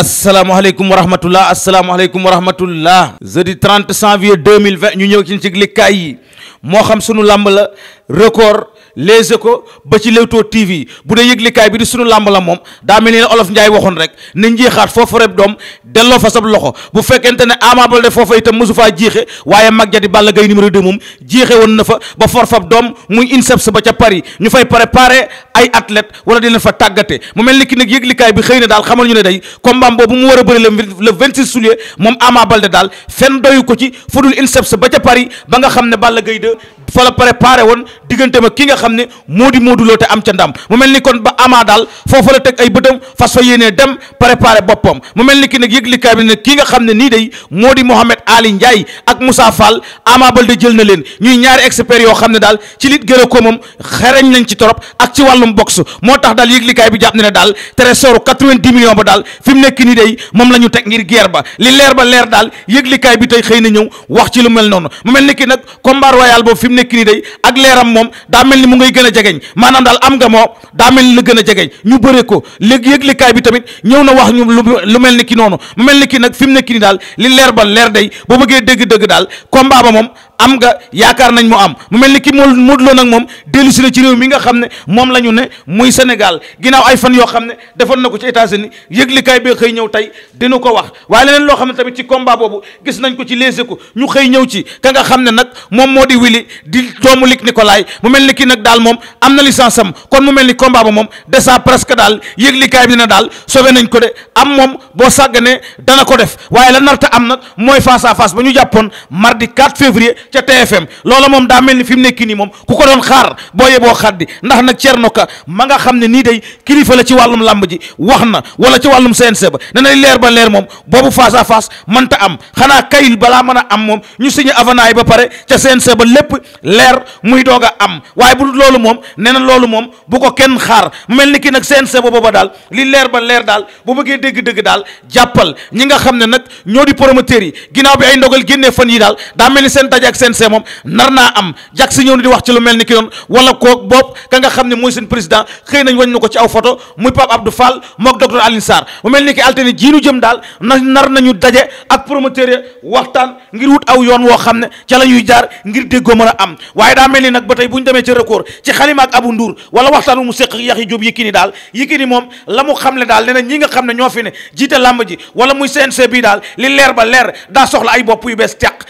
asalaamaaleykum wa rahmatullah asalaamaaleykum wa cent jeudi deux janvier 2020 ñu ñëw ci yëglikaay yi moo xam sunu làmb la record Les Échos ba ci Leewtoo TV bu dee yëglikaay bi di sunu làmb la moom daa mel ni olof Njaay waxoon rek ne njeexaat foofu rek doom delloo fa sab loxo bu fekkente ne Ama Baldé foofa itam mosu faa waaye mag ja di Balla Gaye numéro 2 moom jeexe woon na fa ba for fab doom muy INSEPS ba ca Paris ñu fay préparer ay athlètes wala dina fa tàggate mu mel ni ki nag yëglikaay bi xëy na daal xamal ñu ne day combat boobu mu war a bëri le 26 juillet moom Ama Baldé daal fenn doyu ko ci fudul INSEPS ba ca Paris ba nga xam ne Balla Gaye 2 fa la préparé woon diggante ma ki nga xam ne moo di Modou Lo te am ca ndam mu mel ni kon ba amaa daal foofa la teg ay bëtam fas fa yéenee dem préparé boppam mu mel ni ki nag yëglikaay bi ne ki nga xam ne nii day moo di Mouhamed Ali Ndiaye ak Moussa Fall Ama Baldé jël na leen ñuy ñaari experts yoo xam ne daal ci lit gërë ko moom xereñ nañ ci torop ak ci wàllum box moo tax daal yëglikaay bi jàpp ne ne daal trésor 90 millions ba daal fi mu nekk nii day moom la ñu teg ngir guerre ba li leer ba leer daal yëglikaay bi tey xëy na ñëw wax ci lu mel noonu mu mel ni ki nag combat royal boobu fi nekk nii day ak leeram moom daa mel ni mu ngay gën a jegeñ maanaam daal am nga moo daa mel ni la gën a jegeñ ñu bëre ko léegi kaay bi tamit ñëw na wax ñu lu mel ni ki noonu mu mel ni ki nag fi mu nekk nii daal li leer ba leer day boo bëggee dégg-dëgg daal combat ba moom am nga yaakaar nañ mu am mu mel ni kii moo Modou Lo nag moom dellu ci réew mi nga xam ne moom la ñu ne muy Sénégal ginnaaw ay fan yoo xam ne defoon na ko ci États-Unis yëglikaay bi xëy ñëw tey dina ko wax waaye leneen loo xam ne tamit ci combat boobu gis nañ ko ci Les ko ñu xëy ñëw ci ka nga xam ne nag moom moo di Wili di doomu Luc Nicolaï mu mel ni kii nag daal moom am na licence am kon mu mel ni combat ba moom desa presque daal yëglikaay bi dina daal sauvé nañ ko de am moom boo sàgganee dana ko def waaye la narta am nag mooy face à face ba ñu jàppoon mardi 4 février ca TFM loola moom daa mel ni fi mu nekki nii moom ku ko doon xaar boo yeboo xaddi ndax nag Thierno Ka ma nga xam ne nii day kilifa la ci wàllum làmb ji wax na wala ci wàllum CNC ba ne na leer ba leer moom boobu face fas face mënta am xanaa kayil balaa mën a am moom ñu signé avenant yi ba pare ca CNC ba lépp leer muy doog a am waaye bu loolu moom nee na loolu moom bu ko kenn xaar mel ni ki nag CNC ba booba daal li leer ba leer daal bu bëggee dégg-dëgg daal jàppal ñi nga xam ne nag ñoo di promoteurs yi ginnaaw bi ay ndogal génnee fan yi daal daa mel ni seen daje CNC moom nar naa am jàk si ñëw ni di wax ci lu mel ni ki yoon wala koo bopp ka nga xam ne mooy seen président xëy nañ wañ na ko ci aw photo muy Pape Abdou Fall mook docteur Alioune Sarr mu mel ni ki altine jii nu jëm daal na nar nañu daje ak promoteur ya waxtaan ngir wut aw yoon woo xam ne ca la ñuy jaar ngir déggoo mën a am waaye daa mel ni nag ba tey bu ñu demee ci record ci xalima ak Abou Ndour wala waxtaan wu mu séq Yaxya Jóob Yékini daal Yékini moom la mu xam ne daal nee na nga xam ne ñoo fi ne jiite làmb ji wala muy CNC bii daal li leer ba leer daa soxla ay bopp yu bees teq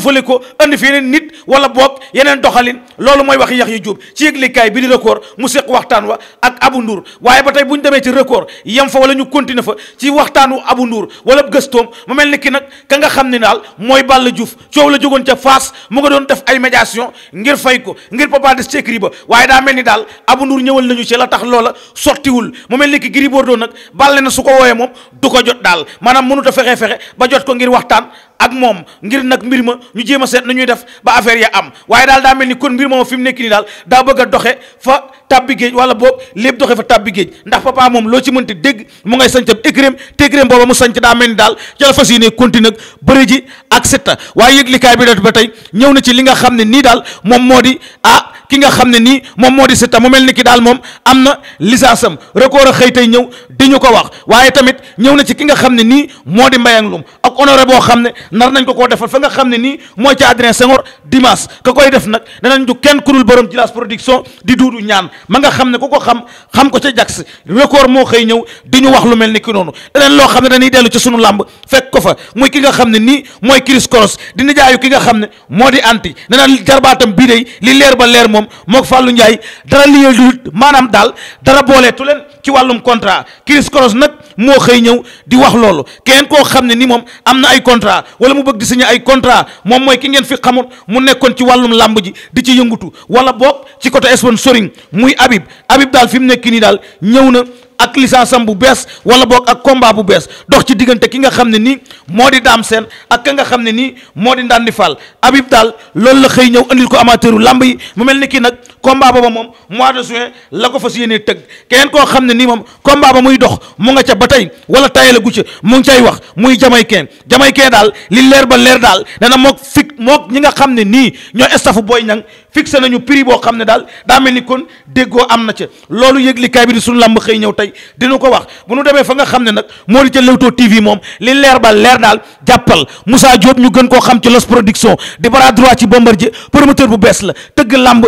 suufale ko andi fi yeneen nit wala boog yeneen doxalin loolu mooy wax yax yi jub ci yëglikaay bi di record mu seq waxtaan wa ak Abu Ndour waaye ba tey bu ñu demee ci record yam fa wala ñu continuer fa ci waxtaanu Abu Ndour wala gëstoom mu mel ni ki nag ka nga xam ne daal mooy Balla Diouf coow la jógoon ca Fass mu nga doon def ay médiation ngir fey ko ngir Papa des ci ba waaye daa mel ni daal Abu Ndour ñëwal nañu ci la tax loola sottiwul mu mel ni ki Gris Bordeaux nag Balla na su ko wooyee moom du ko jot daal maanaam mënut a fexe fexe ba jot ko ngir waxtaan ak moom ngir nag mbir ma ñu jéem a seet na ñuy def ba affaire ya am waaye daal daa mel ni kon mbir moom fi mu nekk nii daal daa bëgg a doxe fa tàbbi géej wala boobu lépp doxe fa tàbbi géej ndax papa moom loo ci mënti dégg mu ngay sañc ab écréem te écréem booba mu sañc daa mel ni daal ca la fas yéene ne ak bëri ji ak setta waaye yëglikaay bi dot ba tey ñëw na ci li nga xam ne nii daal moom moo di ah ki nga xam ne nii moom moo di Siteu mu mel ni ki daal moom am na licence am record a xëy tey ñëw di ñu ko wax waaye tamit ñëw na ci ki nga xam ne nii moo di Mbayang Loum ak honoré boo xam ne nar nañ ko koo defal fa nga xam ne nii mooy ci Adrien Senghor Dimanche ka koy def nag danañ ju kenn kurul borom Jilaas production di duudu ñaan ma nga xam ne ku ko xam xam ko ca jax record moo xëy ñëw di ñu wax lu mel ni ki noonu leneen loo xam ne dañuy dellu ci sunu làmb fekk ko fa muy ki nga xam ne nii mooy Chris Cross dina jaayu ki nga xam ne moo di anti nee na jarbaatam bii day li leer ba leer moo moom mook Fallou Ndiaye dara liggéey du maanaam daal dara booleetu leen ci wàllum contrat Chris Cross nag moo xëy ñëw di wax loolu keneen koo xam ne ni moom am na ay contrat wala mu bëgg di signé ay contrat moom mooy ki ngeen fi xamut mu nekkoon ci wàllum làmb ji di ci yëngutu wala boog ci coto sponsoring muy Habib Habib daal fi mu nekk nii daal ñëw na ak licence bu bees wala boog ak combat bu bees dox ci diggante ki nga xam ne nii moo di daam seen ak ka nga xam ne nii moo di ndandi faal Habib daal loolu la xëy ñëw indil ko amateuru lamb yi mu mel ni kii nag combat ba moom mois de juin la ko fas yéenee tëgg keneen koo xam ne nii moom combat ba muy dox mu nga ca ba tey wala tayala gu ca mu ngi cay wax muy jamay jamaïcain daal li leer ba leer daal dana mook fik mook ñi nga xam ne nii ñoo booy Boy Niang fixé nañu prix boo xam ne daal daa mel ni kon déggoo am na ca loolu yëglikaay bi di suñu làmb xëy ñëw tey dina ko wax bu nu demee fa nga xam ne nag moo di ca Leewtoo TV moom li leer ba leer daal jàppal Moussa Diop ñu gën koo xam ci Los Production di bras ci Bombardier promoteur bu bees la tëgg làmb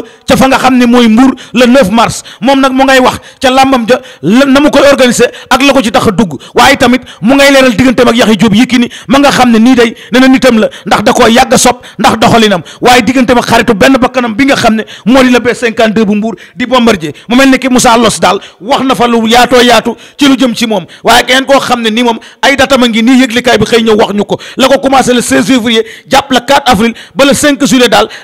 xam ne mooy Mbour le 9 mars moom nag mu ngay wax ca làmbam ja na mu koy organiser ak la ko ci tax a dugg waaye tamit mu ngay leeral digganteem ak Yaxya Jóob ni ma nga xam ne nii day nee na nitam la ndax da koo yàgg sob ndax doxalinam waaye digganteem ak xaritu benn bakkanam bi nga xam ne moo di la B52 bu Mbour di bombardier mu mel ne ki Moussa Los daal wax na fa lu yaatoo yaatu ci lu jëm ci moom waaye keneen koo xam ne nii moom ay datama ngi nii yëglikaay bi xëy ñëw wax ko la ko commencé le 16 février jàpp le 4 avril ba le 5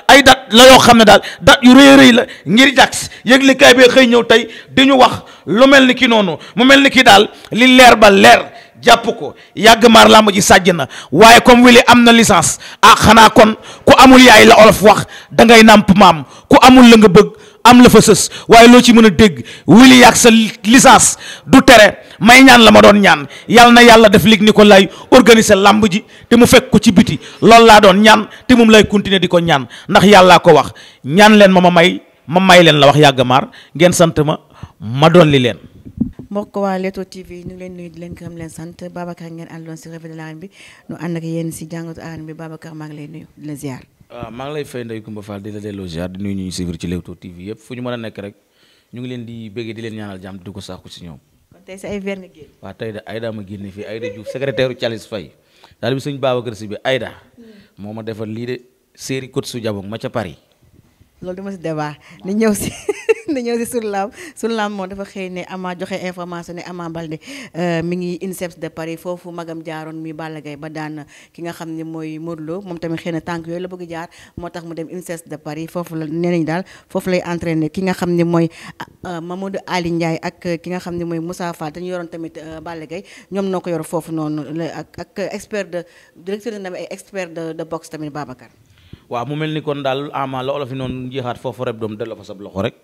ay date la yoo xam ne daal date yu rëy rëy la ngir jax yëglikaay bee xëy ñëw tey di ñu wax lu mel ni ki noonu mu mel ni ki daal li leer ba leer jàpp ko yàgg maar làmb ji sàjj na waaye comme wili am na licence ah xanaa kon ku amul yaay la olof wax da ngay nàmp maam ku amul la nga bëgg am la fa sës waaye loo ci mën a dégg wili yàgg sa licence du tere may ñaan la ma doon ñaan yàlla na yàlla def lig ni ko lay organise làmb ji te mu fekk ko ci biti loolu laa doon ñaan te moom lay continuer di ko ñaan ndax yàllaa ko wax ñaan leen ma ma may ma may leen la wax yàgg maar ngeen sant ma ma dolli leen. mbokk waa Leewtoo TV ñu ngi leen nuyu di leen gërëm leen sant Babacar ngeen àndoon si revue de ak yéen si jàngatu arène bi Babacar maa ngi lay nuyu di la ziar. waaw ah, maa ngi lay fay Ndeye Coumba Fall di la delloo ziar di nuyu ñu suivre ci Leewtoo TV yëpp fu ñu mën a nekk rek ñu ngi leen di bëggee di leen ñaanal jàmm di ko sàkku si ñoom. kon tey si ay verre nga génn. waaw tey de Aïda ma génne fii Aïda Diouf secrétaire Thialis Faye daal bi suñu Babacar si bi Aïda hmm. moo ma defal lii de série Côte su Jabong ma ca Paris loolu dama si débat ni ñëw si ni ñëw si surlam surlam moom dafa xëy ne amaa joxe information ne Ama Baldé euh, mi ngi INSEPS de Paris foofu magam jaaroon muy Balla Gaye ba daan ki nga xam ne mooy Modou moom tamit xëy na tànk yooyu la bëgg jaar moo tax mu dem INSEPS de Paris foofu la nee nañ daal foofu lay entraîné ki nga xam ne mooy euh, Mamadou Ali Ndiaye ak ki nga xam ne mooy Moussa Fall dañu yoroon tamit euh, Balla Gaye ñoom noo ko yor foofu noonu ak ak expert de directeur de ay expert de de boxe tamit Babacar waaw mu mel ni kon daal ama la olof yi noonu jeexaat foofu rek doom delloo fa sab loxo rek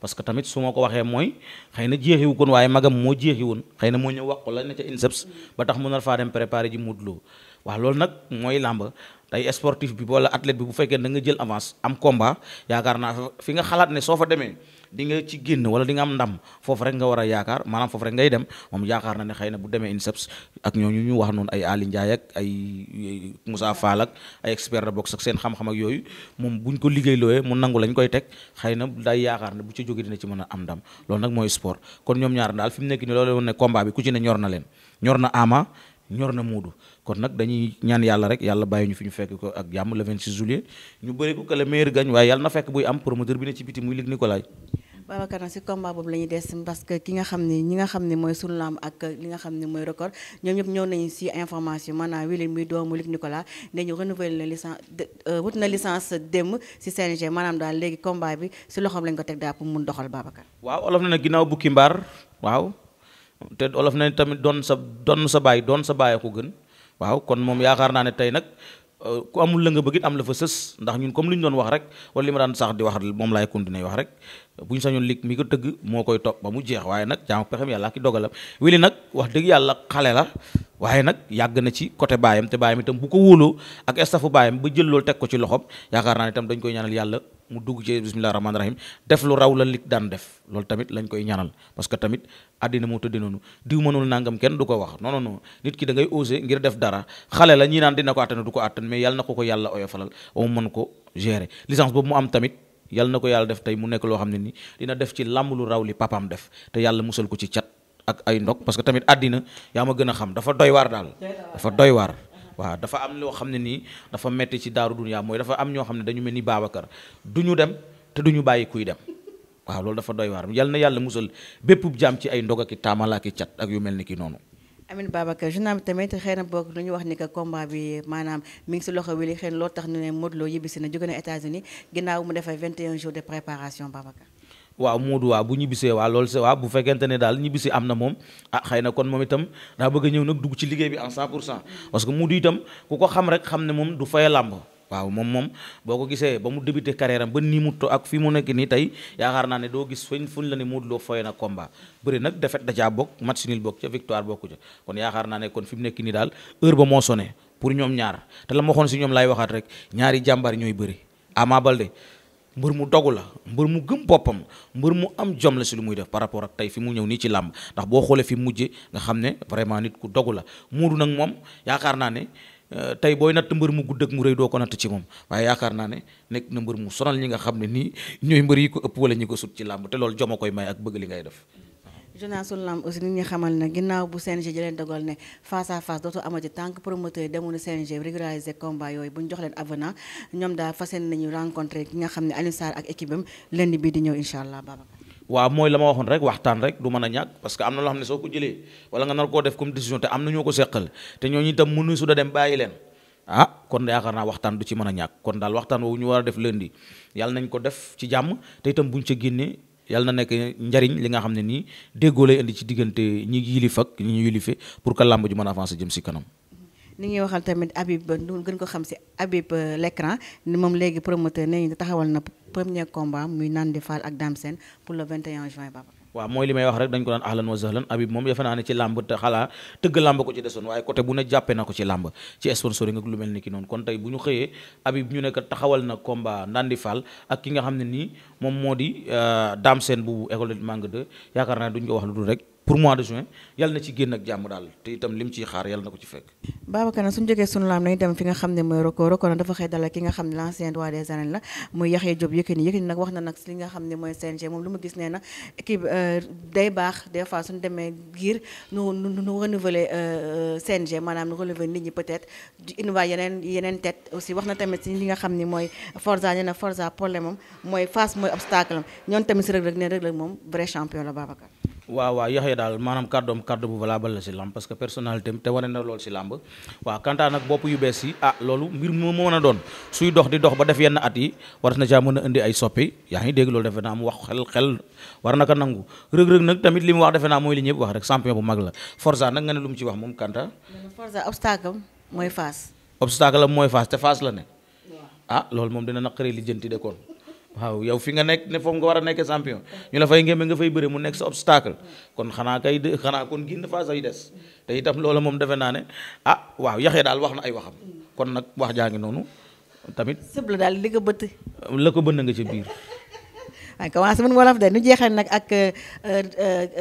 parce que tamit su ma ko waxee mooy xëy na jeexiwu kon waaye magam moo jeexi woon xëy na moo ñëw wax ko la ne ca INSEPS ba tax mu nar faa dem préparer ji Modou Lo waaw loolu nag mooy làmb tey sportif bi wala athlète bi bu fekkee da nga jël avance am komba yaakaar naa fi nga xalaat ne soo fa demee di nga ci génn wala dinga am ndam foofu rek nga war a yaakaar maanaam foofu rek ngay dem moom yaakaar na ne xëy na bu demee INSEPS ak ñooñu ñu wax noonu ay Ali ak ay Moussa Fall ak ay expert de ak seen xam-xam ak yooyu moom buñ ko liggéey looyee mu nangu lañ koy teg xëy na day yaakaar ne bu ci jógee dina ci mën a am ndam loolu nag mooy sport kon ñoom ñaar daal fi mu nekk ni loolu woon ne combat bi ku ci ne ñor na leen ñor na Ama ñor na muudu kon nag dañuy ñaan yàlla rek yàlla bàyyi ñu fi ñu fekk ko ak jàmm le 26 juillet ñu bëri ko que le meilleur waaye yàlla na fekk buy am promoteur bi ne ci biti muy Luc Nicolaï Babacar si combat boobu la ñuy des parce que ki nga xam ne ñi nga xam ne mooy sunu lamb ak li nga xam ne mooy record ñoom ñëpp ñëw nañu si information maanaam Wili muy doomu Luc Nicolaï ne ñu renouveler na euh, wut na licence démb si CNG maanaam daal léegi te olof na tamit doon sa doon sa baay doon sa baay ko gën waaw kon moom yaakaar naa ne tey nag euh, ku amul la nga bëgg am la fa sës ndax ñun comme li ñu doon wax rek wala li ma daan sax di wax moom laay continuer wax rek bu ñu sañoon lig mi ko tëgg moo koy topp ba mu jeex waaye nag jaamu pexem yàlla ki dogalam Wally nag wax dëgg yàlla xale la waaye nag yàgg na ci côté baayam te baayam itam bu ko wóoloo ak staffu baayam ba jël loolu teg ko ci loxom yaakaar naa ne itam dañ koy ñaanal yàlla mu dugg ci bisimilah rahmaani rahim def lu raw la lig daan def loolu tamit lañ koy ñaanal parce que tamit àddina moo tëddi noonu diw nangam kenn du ko wax non non non nit ki da ngay osé ngir def dara xale la ñii naan dina ko attan du ko attan mais yàlla na ko ko yàlla oyofalal ba mu mën ko gérer licence boobu mu am tamit yal na ko yàlla def tey mu nekk loo xam ne nii dina def ci làmb lu raw li papaam def te yàlla musal ko ci cat ak ay ndog parce que tamit àddina yaa ma gën a xam dafa doy waar daal dafa doy waar waaw dafa am loo xam ne nii dafa metti ci daaru duniyaa mooy dafa am ñoo xam ne dañu mel ni Babacar du ñu dem te du ñu bàyyi kuy dem waaw loolu dafa doy waar yal na yàlla musal bépp jaam ci ay ndog ak i taamala ak cat ak yu mel ni ki noonu Amin Babacar journal bi tamit xëy na boog lu wax ni que combat bi maanaam mi si loxo wi li xëy na loo tax ñu ne Modou yibbisi na jóge na États-Unis ginnaaw mu defee 21 jours de préparation Babacar. waaw Modou waaw bu ñibbisee waa loolu c'est waaw bu fekkente ne daal ñibbisi am na moom ah xëy na kon moom itam daa bëgg a ñëw nag dugg ci liggéey bi en 100 pour cent parce que Modou itam ku ko xam rek xam ne moom du fay làmb waaw moom moom boo ko gisee ba mu débuté carrière am ba nii mu to ak fi mu nekk nii tey yaakaar naa ne doo gis fuñ fuñ la ne Modou Lo foye na combat bëri nag défaite da caa bokk match nul bokk ca victoire bokku ca kon yaakaar naa ne kon fi mu nekk nii daal heure ba moo sonné pour ñoom ñaar te la ma si ñoom lay waxaat rek ñaari jàmbaar ñooy bëri Ama Baldé mbër mu dogu la mbër mu gëm boppam mbër mu am jom la si lu muy def par rapport ak tey fi mu ñëw nii ci làmb ndax boo xoolee fi mujje nga xam ne vraiment nit ku dogu la Modou nag moom yaakaar naa ne Euh, tey booy natt mbër mu gudd ak mu rëy doo ko natt ci moom waaye yaakaar naa ne nekk na mbër mu sonal ñi nga xam ne nii ñooy mbër yi ko ëpp wala ñi ko sut ci làmb te loolu joma koy may ak bëgg li ngay def journal sunu aussi nit ñi xamal ne ginnaaw bu CNG jëleen dogal ne face à face dootu amati tant que promoteur yi demoon CNG régulariser combat yooyu bu jox leen avenant ñoom daal fas yéene nañu rencontré ki nga xam ne Alioune Sarr ak équipe am lundi bii di ñëw allah Babacar waaw mooy la ma waxoon rek waxtaan rek du mën a ñàkk parce que am na loo xam ne soo ko jëlee wala nga nar koo def comme décision te am na ñoo ko seqal te ñooñu itam mënu su da bàyyi leen ah kon yaakaar naa waxtaan du ci mën a ñàkk kon daal waxtaan woowu ñu war a def lundi yàlla nañ ko def ci jàmm te itam ñu ca génnee yàlla na nekk njariñ li nga xam ne nii déggoo lay indi ci diggante ñi yilif ak ñi ñu yilife pour que làmb ju mën a avancer jëm si kanam ni ngi waxal tamit Habib ñu gën ko xam si Habib euh, l'écran ni moom léegi promoteur nee ñu taxawal na premier combat muy Nandi Fall ak Dame Sène pour le 21 juin baba mooy li may wax rek dañ ko naan ahlan wa sahlan Habib moom defe ne ci làmb te xalaa tëgg làmb ko ci desoon waaye côté bu ne jàppee na ko ci làmb ci sponsoring ak lu mel ni ki noonu kon tey bu ñu xëyee Habib ñu nekk taxawal na combat Nandi Fall ak ki nga xam ne nii moom moo di euh, Dame Sène bu école de yaakaar naa duñ wax lu dul rek pour mois de juin yàlla na ci génn ak jàmm daal te itam lim ciy xaar yàlla na ko ci fekk. Babacar nag suñu jógee sunu laam nañ dem fi nga xam ne mooy Roko Roko nag dafa xëy dalal ki nga xam des arènes la muy Yaxya Diop Yékini Yékini nag wax na nag li nga xam ne mooy CNG na équipe euh, day baax ñi peut-être di innover yeneen yeneen tête aussi wax na tamit si li nga xam ne mooy Forza nee na Forza problème am mooy face mooy obstacle am ñoom tamit si Reug Reug ne Reug Reug moom vrai champion la Babacar. waaw waaw yaxee daal maanaam kàddoom kàddu bu valable la si làmb parce que te wane na lool si làmb waaw kantaan nag bopp yu bees yi ah loolu a doon suy ba def yenn at yi war na caa mën a indi li mu wax defe naa mooy la Forza nag nga ne lu mu ci wax moom Kanta. Forza la ne. ah loolu moom dina naqaree lijjanti de kon. waaw yow fi nga nekk ne foofu nga war a nekkee champion ñu la fay ngémbe nga fay bëre mu nekk sa obstacle kon xanaa kay xanaa kon ginn faa say des te itam loola moom defe naa ne ah waaw yaxee daal wax na ay waxam kon nag wax jaa ngi noonu tamit. sëb la daal li nga bëtt. la ko na nga ci biir. waaye commencé wolof de nu jeexee nag ak euh, euh,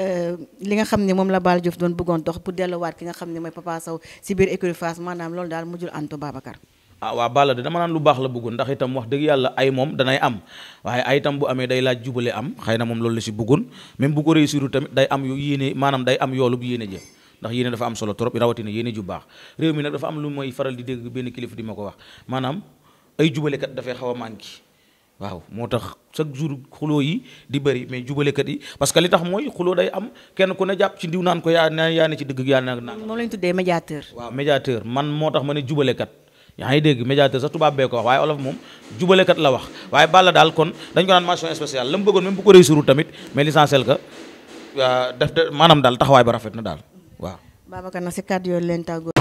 euh, li nga xam ni moom la Balla Diouf doon bëggoon dox pour delluwaat ki nga xam ne mooy Papa si biir écurie Fass maanaam loolu daal mujjul antu Babacar. ah waa Balla de dama naan lu baax la bëggoon ndax itam wax dëgg yàlla ay moom danay am waaye ay itam bu amee day laaj jubale am xëy na moom loolu la si bëggoon même bu ko réussir tamit day am yu yéene maanaam day am yoolu bu yéene jë ndax yenee dafa am solo trop rawatina yéene ju baax réew mi nag dafa am lu mooy faral di dégg benn kilifa di ma ko wax maanaam ay jubalekat dafay xaw a manqué waaw moo tax chaque jour xuloo yi di bëri mais jubalekat yi parce que li tax mooy xuloo day am kenn ku ne jàpp ci ndiw naan ko yaa yaa ne ci dëgg yaa ne naan moom lañ tuddee médiateur waaw man moo tax ma ne jubalekat yaa ngi dégg médiateur sax tubaab bee ko wax waaye olof moom jubalekat la wax waaye Balla daal kon dañ ko naan mention spéciale la mu bëggoon même bu ko réussirul tamit mais l'essentiel que euh, def de maanaam daal taxawaay ba rafet na daal waaw. Babacar na si kàddu leen tàggoo.